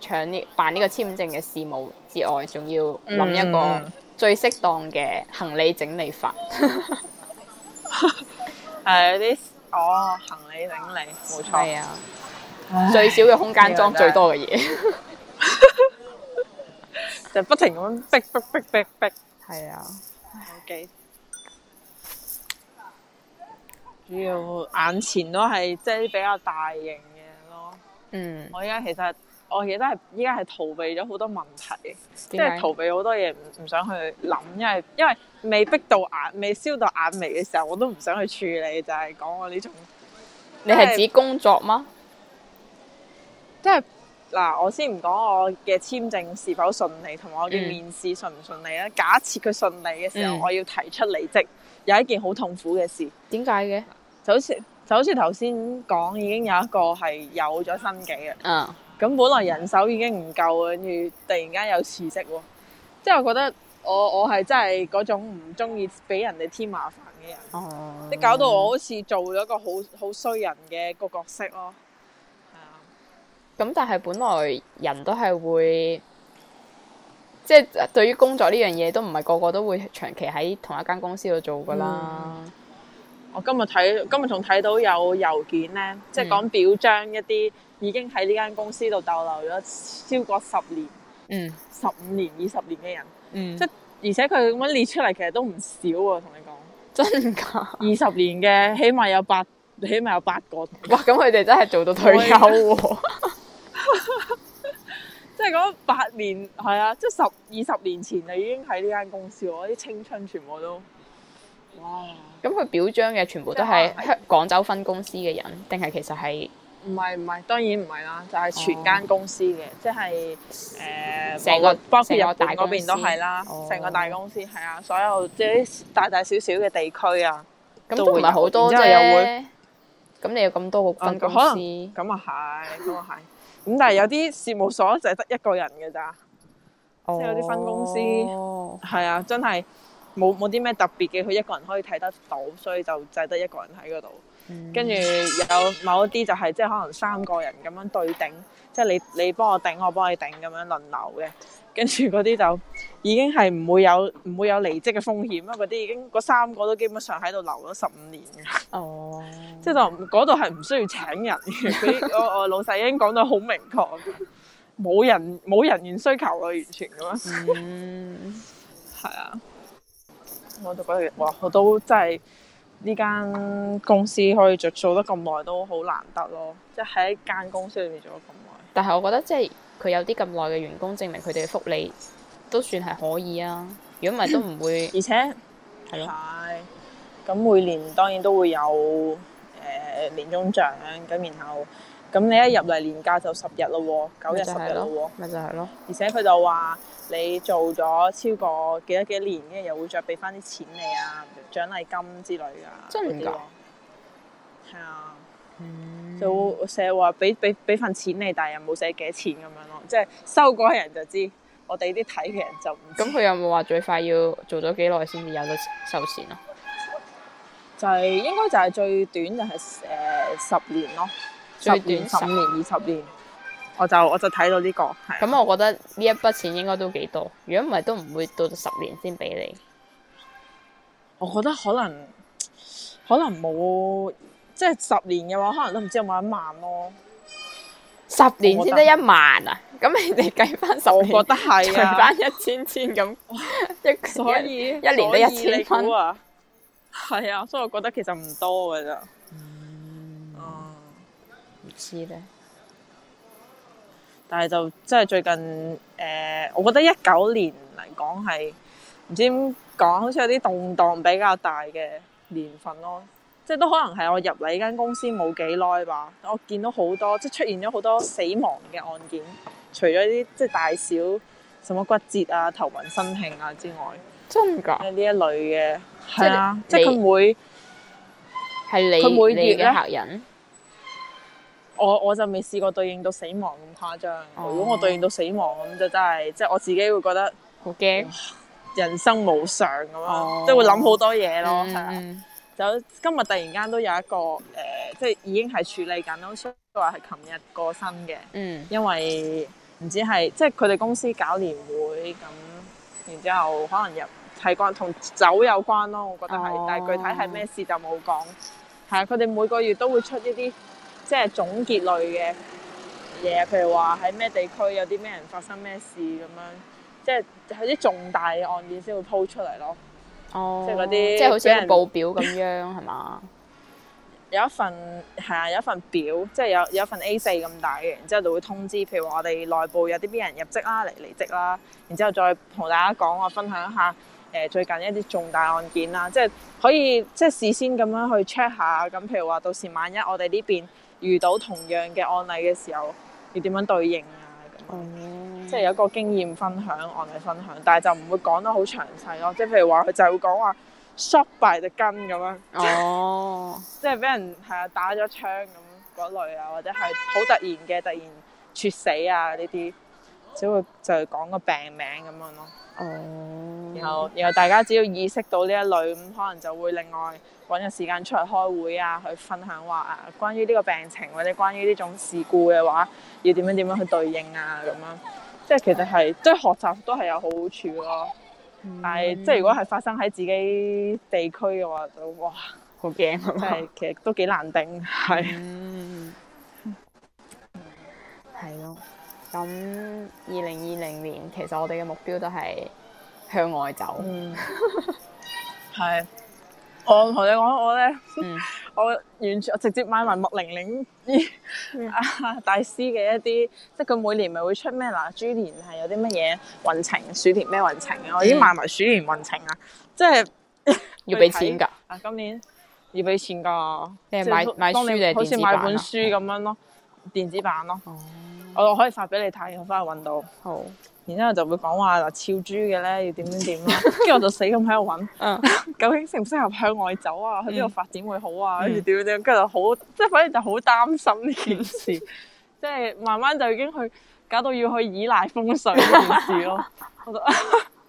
搶呢辦呢個簽證嘅事務之外，仲要諗一個最適當嘅行李整理法。係啲哦，我行李整理，冇錯。係啊，最少嘅空間裝最多嘅嘢.。 就不停咁逼逼逼逼逼，係啊，好幾、 okay. 主要眼前都係即係比較大型嘅咯。嗯，我而家其實我記得依家係逃避咗好多問題，即係何逃避好多嘢唔唔想去諗，因為因為未逼到眼，未燒到眼眉嘅時候，我都唔想去處理。就係、是、講我呢種，就是、你係指工作嗎？即係、就是。嗱，我先唔講我嘅簽證是否順利，同埋我嘅面試順唔順利啦。嗯、假設佢順利嘅時候，嗯、我要提出離職，有一件好痛苦嘅事。點解嘅？就好似就好似頭先講，已經有一個係有咗身紀啊。嗯。咁本來人手已經唔夠，跟住突然間有辭職喎，即係我覺得我我係真係嗰種唔中意俾人哋添麻煩嘅人。哦。你搞到我好似做咗一個好好衰人嘅個角色咯。咁但係本來人都係會即係對於工作呢樣嘢都唔係個個都會長期喺同一間公司度做噶啦、嗯。我今日睇今日仲睇到有郵件咧，嗯、即係講表彰一啲已經喺呢間公司度逗留咗超過十年、嗯十五年、二十年嘅人，嗯即而且佢咁樣列出嚟，其實都唔少啊。同你講真噶，二十年嘅起碼有八起碼有八個哇，咁佢哋真係做到退休、啊。 即係你講八年係啊，即係十二十年前就已經喺呢間公司，我啲青春全部都哇！咁佢表彰嘅全部都係廣州分公司嘅人，定係其實係？唔係唔係，當然唔係啦，就係全間公司嘅，即係誒，成個包括入大嗰邊都係啦，成個大公司係啊，所有即係大大小小嘅地區啊，咁都唔係好多啫。咁你有咁多個分公司，咁啊係，都係。咁但係有啲事務所就係得一個人嘅咋，即係有啲分公司，係啊、oh.，真係冇冇啲咩特別嘅，佢一個人可以睇得到，所以就就得一個人喺嗰度，跟住、mm. 有某一啲就係、是、即係可能三個人咁樣對頂，即係你你幫我頂，我幫你頂咁樣輪流嘅。跟住嗰啲就已經係唔會有唔會有離職嘅風險啊！嗰啲已經嗰三個都基本上喺度留咗十五年嘅，oh. 即係就嗰度係唔需要請人嘅。 老細已經講到好明確，冇人冇人員需求啊，完全咁樣。嗯，係啊，我就覺得哇，我都真係呢間公司可以做做得咁耐都好難得咯，即係喺間公司裏面做咗咁耐。但係我覺得即係。佢有啲咁耐嘅員工，證明佢哋嘅福利都算係可以啊。如果唔係都唔會。而且係咯，咁係咪？每年當然都會有誒、呃、年終獎，咁然後咁你一入嚟年假就十日咯喎，九日十日咯喎，咪就係咯。而且佢就話你做咗超過幾多幾多年，跟住又會再俾翻啲錢你啊，獎勵金之類噶，真㗎？係啊。嗯、就成日話俾俾俾份錢你，但係又冇寫幾錢咁樣咯，即係收嗰個人就知，我哋啲睇嘅人就唔知。咁佢、嗯、有冇話最快要做咗幾耐先至有得收錢咯？就係、是、應該就係最短就係、是、誒、呃、十年咯，最短十年、二十，年十,十年。我就我就睇到呢、這個，咁、嗯、是我覺得呢一筆錢應該都幾多，如果唔係都唔會到到十年先俾你。我覺得可能可能冇。即係十年嘅話，可能都唔知有冇一萬咯。十年先得一萬啊！咁你哋計翻十年，你 我覺得係啊，翻一千千咁， 所以 一年都一千蚊。係啊，啊，所以我覺得其實唔多噶咋。嗯、啊，唔知咧。但係就即係最近誒、呃，我覺得一九年嚟講係唔知點講，好似有啲動盪比較大嘅年份咯。即係都可能係我入嚟呢間公司冇幾耐吧，我見到好多即係出現咗好多死亡嘅案件，除咗啲即係大小，什麼骨折啊、頭暈身㷫啊之外，真㗎呢一類嘅係啊，的的即係佢每，係你，佢每月嘅客人，我我就未試過對應到死亡咁誇張。哦、如果我對應到死亡咁，就真係即係我自己會覺得好驚，人生無常咁樣，即係、哦、會諗好多嘢咯，係啊、嗯。嗯就今日突然間都有一個誒、呃，即係已經係處理緊咯，所以話係琴日過身嘅。嗯，因為唔知係即係佢哋公司搞年會咁，然之後可能入係關同酒有關咯，我覺得係，哦、但係具體係咩事就冇講。係啊，佢哋每個月都會出一啲即係總結類嘅嘢，譬如話喺咩地區有啲咩人發生咩事咁樣，即係喺啲重大嘅案件先會鋪出嚟咯。即係嗰啲即係好似報表咁樣係嘛， 吧有一份係啊，有一份表，即係有有一份 A 四咁大嘅，然之後就會通知，譬如話我哋內部有啲邊人入職啦、嚟離職啦，然之後再同大家講啊，我分享一下誒、呃、最近一啲重大案件啦，即係可以即係事先咁樣去 check 下，咁譬如話到時萬一我哋呢邊遇到同樣嘅案例嘅時候，要點樣對應？哦，mm hmm. 即係有一個經驗分享，案例分享，但係就唔會講得好詳細咯。即係譬如話，佢就會講話摔壞隻筋咁樣，oh. 即係俾人係啊打咗槍咁嗰類啊，或者係好突然嘅突然猝死啊呢啲。只會就係講個病名咁樣咯，嗯、然後然後大家只要意識到呢一類咁，可能就會另外揾個時間出嚟開會啊，去分享話啊，關於呢個病情或者關於呢種事故嘅話，要點樣點樣去對應啊咁樣，即係其實係即係學習都係有好處咯。嗯、但係即係如果係發生喺自己地區嘅話，就哇好驚，即係其實都幾難頂係。係咯。嗯咁二零二零年，其實我哋嘅目標都係向外走，嗯。係， 我同你講，我咧，嗯、我完全我直接買埋麥玲玲阿大師嘅一啲，即係佢每年咪會出咩嗱，豬年係有啲乜嘢運程，鼠年咩運程啊，嗯、我已經買埋鼠年運程啊，即係要俾錢噶。 看啊，今年要俾錢噶，即係買買書定係電子版啊？好似買本書咁樣咯，電子版咯。我就可以發俾你睇，我翻去揾到。好，然之後就會講話嗱，超豬嘅咧，要點點點。跟住 我就死咁喺度揾。嗯、究竟適唔適合向外走啊？去邊度發展會好啊？跟住點點，跟住就好，即係反正就好擔心呢件事， 即係慢慢就已經去搞到要去依賴風水呢件事咯。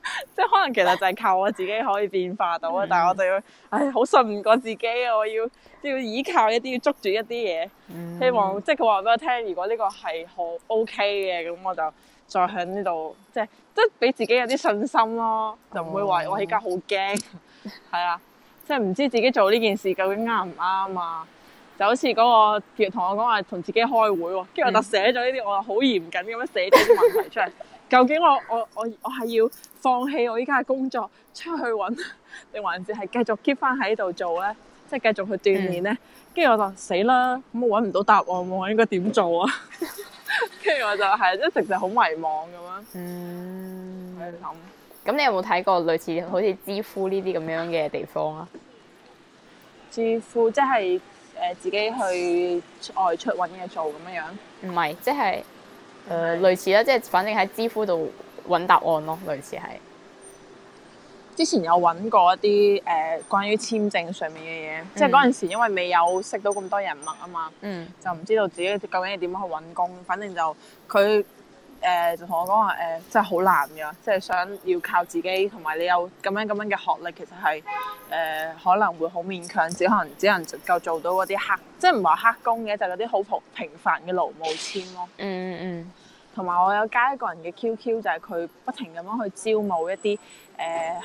即係可能其實就係靠我自己可以變化到啊，嗯、但係我哋要，唉、哎，好信唔過自己，啊。我要要依靠一啲，要捉住一啲嘢，嗯、希望即係佢話俾我聽，如果呢個係好 OK 嘅，咁我就再喺呢度，即係即係俾自己有啲信心咯，就唔會話我而家好驚，係、哦、啊，即係唔知自己做呢件事究竟啱唔啱啊，就好似嗰、嗰個同我講話同自己開會，跟住我就寫咗呢啲，嗯、我就好嚴謹咁樣寫咗啲問題出嚟。 究竟我我我我係要放棄我依家嘅工作出去搵，定還是係繼續 keep 翻喺度做咧？即係繼續去鍛煉咧？跟住我就死啦！咁我搵唔到答案，我應該點做啊？跟住我就係一直就好迷惘咁樣。嗯，去諗。咁你有冇睇過類似好似知乎呢啲咁樣嘅地方啊？知乎即係誒，自己去外出搵嘢做咁樣樣。唔係，即係。誒類似啦，即係反正喺知乎度揾答案咯，類似係。之前有揾過一啲誒、呃、關於簽證上面嘅嘢，嗯、即係嗰陣時因為未有識到咁多人脈啊嘛，嗯、就唔知道自己究竟係點樣去揾工，反正就佢。誒、呃、就同我講話誒，真係好難㗎，即係想要靠自己，同埋你有咁樣咁樣嘅學歷，其實係誒、呃、可能會好勉強，只可能只能夠做到嗰啲黑，即係唔係黑工嘅，就係嗰啲好平平凡嘅勞務簽咯。嗯嗯嗯。同埋我有加一個人嘅 Q Q，就係佢不停咁樣去招募一啲誒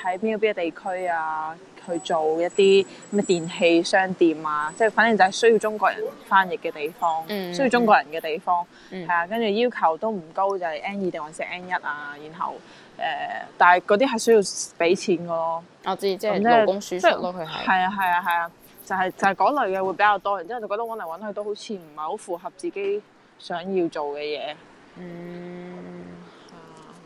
喺邊個邊個地區啊，去做一啲咩電器商店啊，即係反正就係需要中國人翻譯嘅地方，嗯、需要中國人嘅地方係、嗯、啊。跟住要求都唔高，就係、是、N 二定或者 N 一啊。然後誒、呃，但係嗰啲係需要俾錢個咯。我知即係勞、就是、工輸出咯，佢係係啊係啊係啊，就係、是、就係、是、嗰、就是、類嘅會比較多。然之後就是、覺得揾嚟揾去都好似唔係好符合自己想要做嘅嘢。嗯，係啊，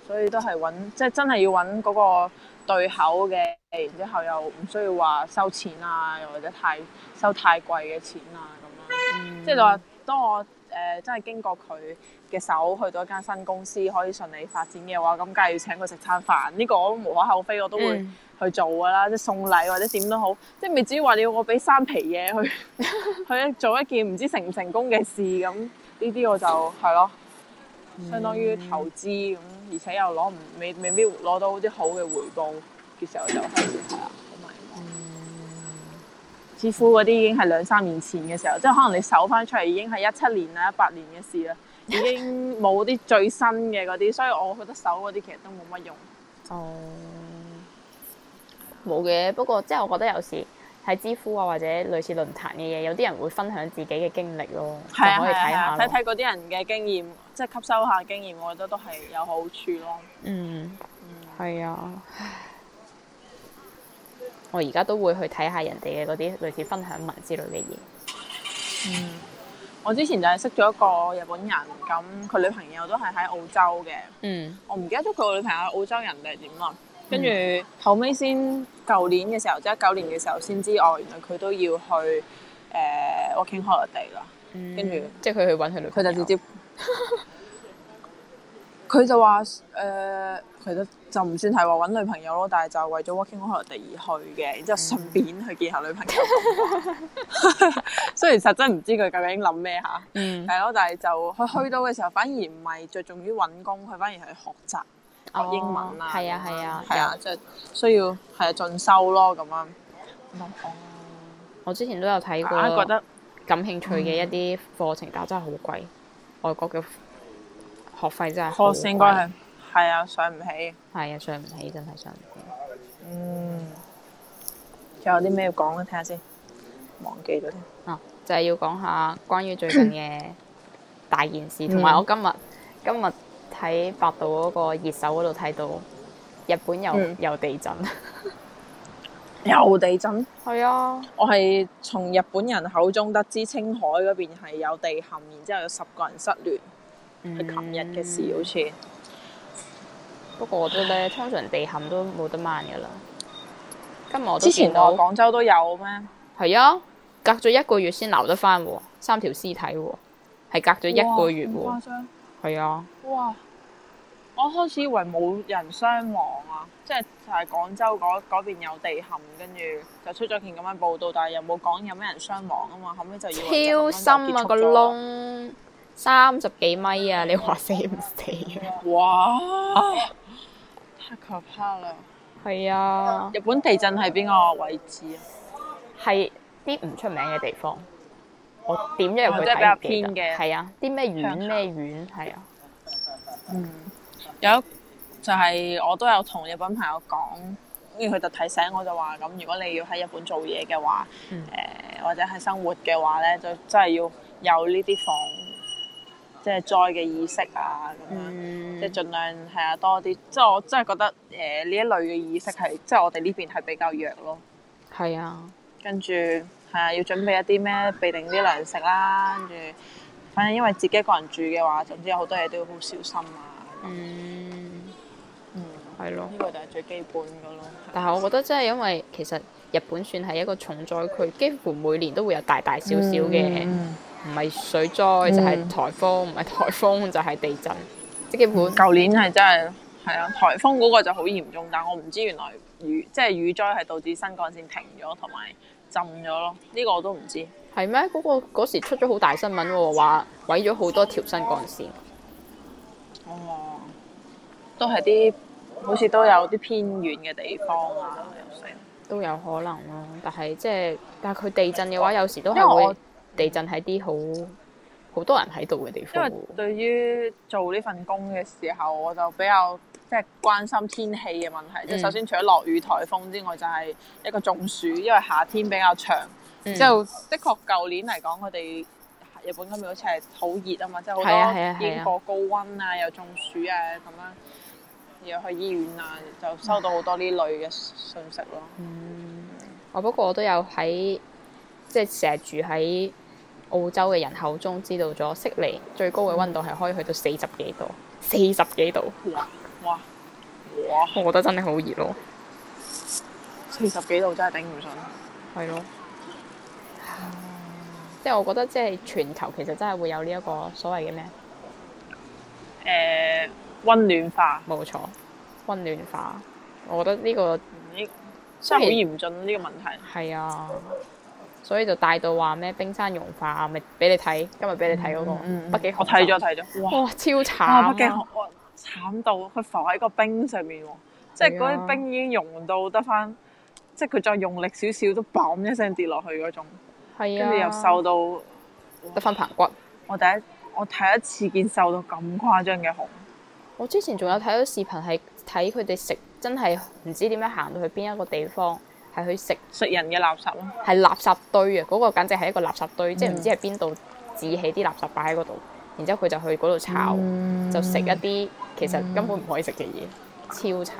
所以都係揾即係真係要揾嗰個對口嘅，然之後，後又唔需要話收錢啦，啊，又或者太收太貴嘅錢啊咁樣。即係我話，當我誒、呃、真係經過佢嘅手去到一間新公司，可以順利發展嘅話，咁梗係要請佢食餐飯。呢、呢個我無可厚非，我都會去做㗎啦，嗯、即係送禮或者點都好。即係未至於話你要我俾三皮嘢去 去做一件唔知成唔成功嘅事咁。呢啲我就係咯。相當於投資咁，嗯、而且又攞唔未未，未必攞到啲好嘅回報嘅時候就開始係啦，好、嗯、似乎嗰啲已經係兩三年前嘅時候，即係可能你搜翻出嚟已經係一七年啦、一八年嘅事啦，已經冇啲最新嘅嗰啲，所以我覺得搜嗰啲其實都冇乜用。哦、嗯，冇嘅，不過即係我覺得有時。睇知乎啊，或者類似論壇嘅嘢，有啲人會分享自己嘅經歷咯，啊、就可以睇下睇睇嗰啲人嘅經驗，即係吸收下經驗，我覺得都係有好處咯。嗯，嗯，係啊。我而家都會去睇下人哋嘅嗰啲類似分享文之類嘅嘢。嗯，我之前就係識咗一個日本人，咁佢女朋友都係喺澳洲嘅。嗯。我唔記得咗佢個女朋友澳洲人定係點啊。跟住、嗯、後尾先。舊年嘅時候，即係19年嘅時候先知哦，原來佢都要去誒、呃、Working Holiday 啦，跟住、嗯、後即係佢去揾佢女，佢就直接佢就話誒，其實就唔算係話揾女朋友咯，但係就為咗 Working Holiday 而去嘅，然之後順便去見下女朋友。 呃、朋友然雖然實質唔知佢究竟諗咩嚇，係咯、嗯，但係就佢去到嘅時候，反而唔係着重於揾工，佢反而係學習。啊英文啊，係啊係，啊，係啊即係需要係進修咯咁樣。我之前都有睇過，覺得感興趣嘅一啲課程，但真係好貴，外國嘅學費真係。學費應該係係啊，上唔起。係啊，上唔起真係上唔起。嗯，仲有啲咩要講咧？睇下先，忘記咗添。啊，就係要講下關於最近嘅大件事，同埋我今日今日。睇百度嗰個熱搜嗰度睇到日本又又、嗯、地震，又 地震？係啊，我係從日本人口中得知青海嗰邊係有地陷，然之後有十個人失聯，係琴日嘅事好似。不過我覺得咧，通常地陷都冇得慢噶啦。今日我之前到廣州都有咩？係啊，隔咗一個月先撈得翻，三條屍體，係隔咗一個月。係啊！哇！我開始以為冇人傷亡啊，即係就係廣州嗰嗰邊有地陷，跟住就出咗件咁嘅報道，但係又冇講有咩人傷亡啊嘛，後尾就要超深啊個窿，三十幾米啊！你話死唔死，啊？哇！啊，太可怕啦！係啊！日本地震喺邊個位置啊？係啲唔出名嘅地方。我點入去睇嘅，係啊，啲咩院？咩院？係啊，嗯，有就係、是、我都有同日本朋友講，跟住佢就提醒我就話，咁如果你要喺日本做嘢嘅話，誒、嗯呃、或者係生活嘅話咧，就真係要有呢啲防，即、就、係、是、災嘅意識啊，咁樣即係盡量係啊多啲。即、就、係、是、我真係覺得誒呢、呃、一類嘅意識係，即、就、係、是、我哋呢邊係比較弱咯。係啊，跟住。要準備一啲咩備定啲糧食啦，跟住，反正因為自己一個人住嘅話，總之有好多嘢都要好小心啊。嗯，嗯，係咯。呢個就係最基本嘅咯。嗯、但係我覺得真係因為其實日本算係一個重災區，幾乎每年都會有大大小小嘅，唔係、嗯、水災、嗯、就係颱風，唔係颱風就係、係、地震，即係基本。舊年係真係係啊颱風嗰個就好嚴重，但係我唔知原來雨即係、就係、雨災係導致新幹線停咗，同埋。浸咗咯，呢、這個我都唔知。係咩？嗰、那個時出咗好大新聞喎，話毀咗好多條新幹線。哦，都係啲好似都有啲偏遠嘅地方啊，有都有可能咯、啊，但係即係，但係佢地震嘅話，嗯、有時都係會地震喺啲好好多人喺度嘅地方、啊。因為對於做呢份工嘅時候，我就比較。即係關心天氣嘅問題，即係、嗯、首先除咗落雨、颱風之外，就係、是、一個中暑，因為夏天比較長。之後、嗯、的確舊、嗯、年嚟講，我哋日本今日好似係好熱啊嘛，即係好多經過高温啊，又中暑啊咁樣，又去醫院啊，就收到好多呢類嘅信息咯。嗯，我不過我都有喺即係成日住喺澳洲嘅人口中，知道咗悉尼最高嘅温度係可以去到四十幾度，嗯、四十幾度。嗯哇我覺得真係好熱咯、啊，四十幾度真係頂唔順。係咯了、啊，即係我覺得即係全球其實真係會有呢一個所謂嘅咩？誒、呃，温暖化。冇錯，温暖化。我覺得呢、這個呢真係好嚴峻呢、這個問題。係、就是、啊，所以就帶到話咩冰山融化咪俾你睇，今日俾你睇嗰、那個北極。我睇咗睇咗，哇超慘！北極慘到佢浮喺個冰上面喎，即係嗰啲冰已經溶到得翻，是啊、即係佢再用力少少都嘣一聲跌落去嗰種，跟住是、啊、又瘦到得翻棚骨我。我第一我第一次見瘦到咁誇張嘅熊，我之前仲有睇到視頻係睇佢哋食，真係唔知點樣行到去邊一個地方，係去食食人嘅垃圾咯，係垃圾堆啊！嗰、那個簡直係一個垃圾堆，嗯、即係唔知係邊度置起啲垃圾擺喺嗰度。然之後佢就去嗰度炒，嗯、就食一啲其實根本唔可以食嘅嘢，嗯、超慘慘！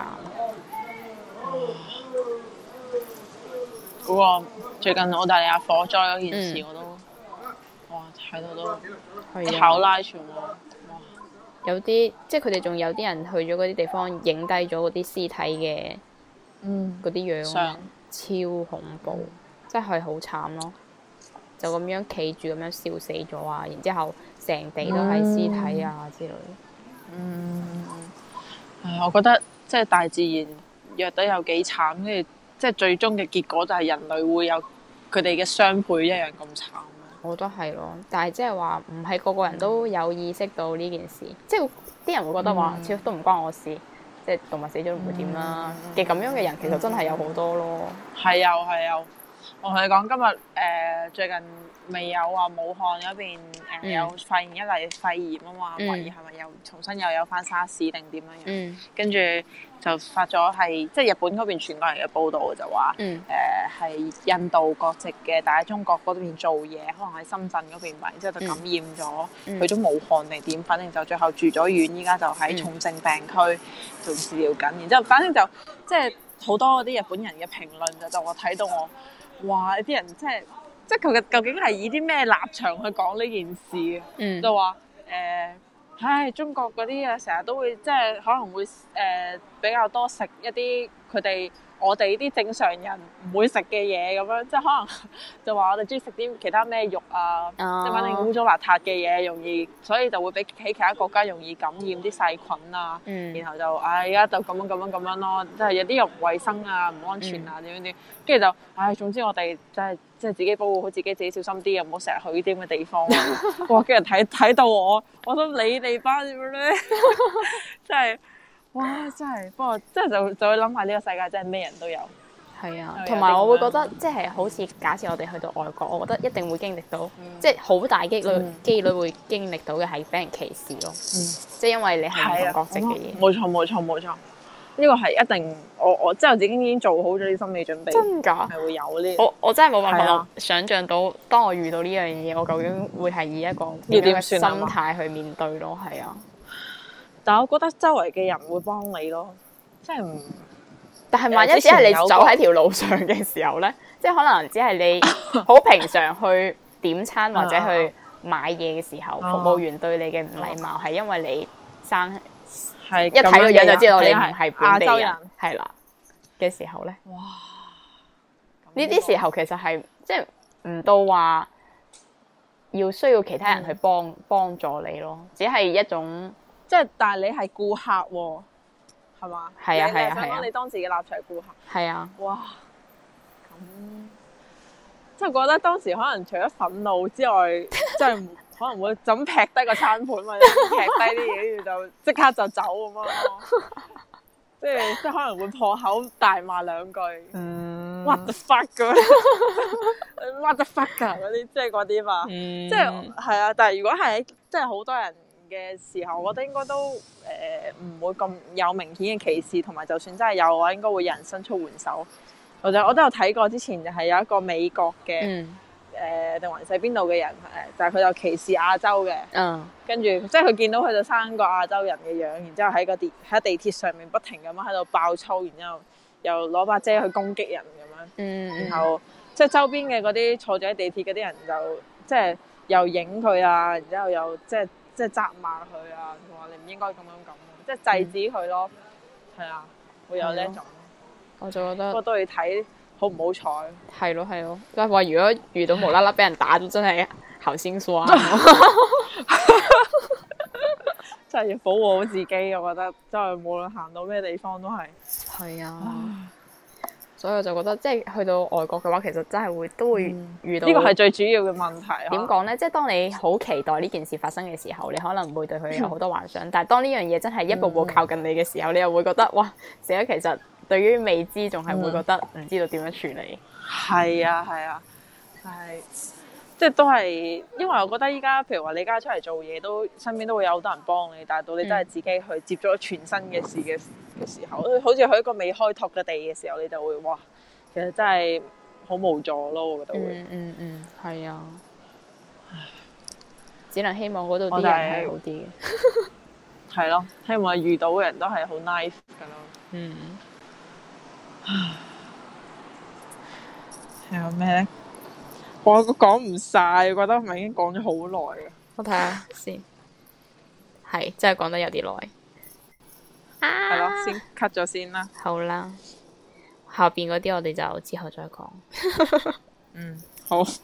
嗰個最近澳大利亞火災嗰件事、嗯、我都，哇睇到都係炒拉全喎，有啲即係佢哋仲有啲人去咗嗰啲地方影低咗嗰啲屍體嘅，嗰啲、嗯、樣然超恐怖，真係好慘咯！就咁樣企住，咁樣笑死咗啊！然之後成地都係屍體啊之類。嗯，唉、嗯， 我覺得即係大自然虐得有幾慘，跟住即係最終嘅結果就係人類會有佢哋嘅雙倍一樣咁慘。我覺得係咯，但係即係話唔係個個人都有意識到呢件事，嗯、即係啲人會覺得話，似乎都唔關我事，即係動物死咗唔會點啦嘅咁、嗯、樣嘅人，其實真係有好多咯。係啊、嗯，係啊。同佢講今日誒最近未有話武漢嗰邊有發現一例肺炎啊嘛，懷疑係咪又重新又有返沙士定點樣？跟住就發咗係即係日本嗰邊傳過嚟嘅報道就話誒係印度國籍嘅，但喺中國嗰邊做嘢，可能喺深圳嗰邊吧，之後就感染咗去咗武漢定點，反正就最後住咗院，依家就喺重症病區做治療緊。然之後，反正就即係好多嗰啲日本人嘅評論就就我睇到我。哇！啲人即係即係佢哋究竟係以啲咩立場去講呢件事啊？嗯、就話誒、呃，唉，中國嗰啲啊，成日都會即係可能會誒、呃、比較多食一啲佢哋。我哋啲正常人唔會食嘅嘢咁樣，即係可能就話我哋中意食啲其他咩肉啊，即係反正污糟邋遢嘅嘢，容易所以就會俾喺其他國家容易感染啲細菌啊，然後就唉而家就咁樣咁樣咁樣咯，即係有啲又唔衞生啊，唔安全啊點樣點，跟住就唉，總之我哋真係即係自己保護好自己，自己小心啲，唔好成日去呢啲咁嘅地方。 哇！跟人睇睇到我，我想你哋班點樣咧， 真係。哇！真係，不過真係就就會諗下呢個世界真係咩人都有。係啊，同埋我會覺得即係、就是、好似假設我哋去到外國，我覺得一定會經歷到，嗯、即係好大機率，機率會經歷到嘅係俾人歧視咯。即係、嗯、因為你係一個國籍嘅嘢。冇、啊嗯、錯，冇錯，冇錯。呢個係一定，我我即係自己已經做好咗啲心理準備。真㗎，係會有呢啲。我我真係冇辦法想象到，啊、當我遇到呢樣嘢，我究竟會係以一個點樣心態去面對咯？係啊。但我覺得周圍嘅人會幫你咯，即係唔。但係萬一只係你走喺條路上嘅時候咧， 即係可能只係你好平常去點餐或者去買嘢嘅時候， 服務員對你嘅唔禮貌係因為你生係一睇個樣就知道你唔係本地人，係啦嘅時候咧。哇！呢啲時候其實係即係唔到話要需要其他人去幫、嗯、幫助你咯，只係一種。即係，但係你係顧客喎，係嘛？係啊係啊！想講你當時嘅立場係顧客。係啊。哇！咁即係覺得當時可能除咗憤怒之外，即係 可能會咁劈低個餐盤啊，劈低啲嘢，跟住就即刻就走咁樣咯。即係即係可能會破口大罵兩句。嗯、what the fuck？嗰啲 what the fuck？嗰啲即係嗰啲嘛。即係係啊！但係如果係即係好多人嘅時候，我覺得應該都誒唔、呃、會咁有明顯嘅歧視，同埋就算真係有，我應該會有人伸出援手。或者我都有睇過之前就係有一個美國嘅誒、定、呃、還是邊度嘅人，呃、就係、是、佢有歧視亞洲嘅。嗯，跟住即係佢見到佢就生個亞洲人嘅樣，然之後喺個地喺地鐵上面不停咁樣喺度爆粗，然之後又攞把遮去攻擊人咁樣。嗯、然後嗯，然後即係周邊嘅嗰啲坐咗喺地鐵嗰啲人就即係又影佢啊，然之後又即係。即係責罵佢啊，同話你唔應該咁樣咁，即係制止佢咯。係、嗯、啊，會有呢種。我就覺得不過都要睇好唔好彩。係咯係咯，即係話如果遇到無啦啦俾人打咗，真係頭先酸。真係要保護好自己，我覺得真係無論行到咩地方都係。係 啊。 所以我就覺得，即係去到外國嘅話，其實真係會都會遇到呢、嗯、個係最主要嘅問題。點講呢？即係當你好期待呢件事發生嘅時候，你可能會對佢有好多幻想。嗯、但係當呢樣嘢真係一步步靠近你嘅時候，嗯、你又會覺得，哇！死啦！其實對於未知，仲係會覺得唔、嗯、知道點樣處理。係啊，係啊，係、啊。即係都係，因為我覺得依家譬如話你而家出嚟做嘢，都身邊都會有好多人幫你，但係到你真係自己去接觸全新嘅事嘅嘅時候，嗯、好似去一個未開拓嘅地嘅時候，你就會哇，其實真係好無助咯，我覺得會。嗯嗯嗯，係、嗯、啊、嗯，只能希望嗰度啲人係好啲嘅。係咯、就是， 希望遇到嘅人都係好 nice 噶咯。嗯。係有咩咧？我講唔晒，我覺得唔係已經講咗好耐啊！我睇下先，係真係講得有啲耐啊！係咯，先 cut 咗先啦。好啦，後邊嗰啲我哋就之後再講。 嗯，好。係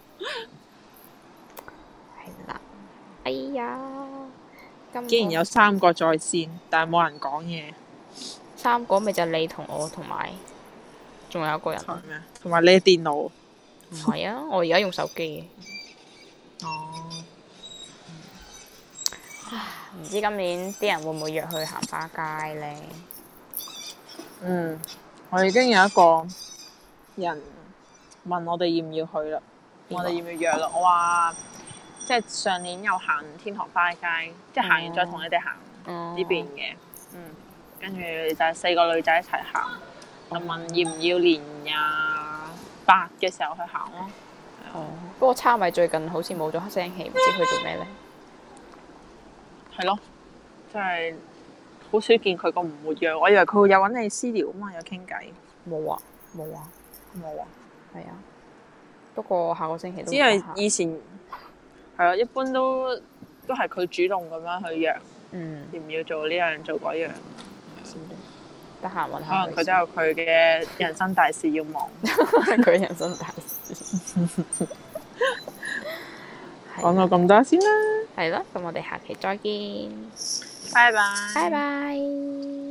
啦，哎呀，既然有三個在線，但係冇人講嘢。三個咪就你同我同埋，仲有，有一個人，同埋你電腦。唔係啊，我而家用手機。哦。 唔知今年啲人會唔會約去行花街咧？ 嗯，我已經有一個人問我哋要唔要去啦誰，我哋要唔要約啦？我話即係上年又行天堂花街，嗯、即係行完再同你哋行呢邊嘅。嗯，嗯。跟住就係四個女仔一齊行，我問要唔要連日，啊。八嘅時候去行咯，啊。哦，嗯、不過差咪最近好似冇咗聲氣，唔知佢做咩咧？係咯，即係好少見佢個唔活躍。我以為佢會有揾你私聊啊嘛，有傾偈。冇啊，冇啊，冇啊。係啊，不過下個星期都唔得。因為，以前係啊，一般都都係佢主動咁樣去約。嗯，要唔要做呢樣做嗰樣？得閒可能佢都有佢嘅人生大事要忙，佢 人生大事。講 到咁多先啦，係咯、 嗯，咁我哋下期再見，拜拜，拜拜。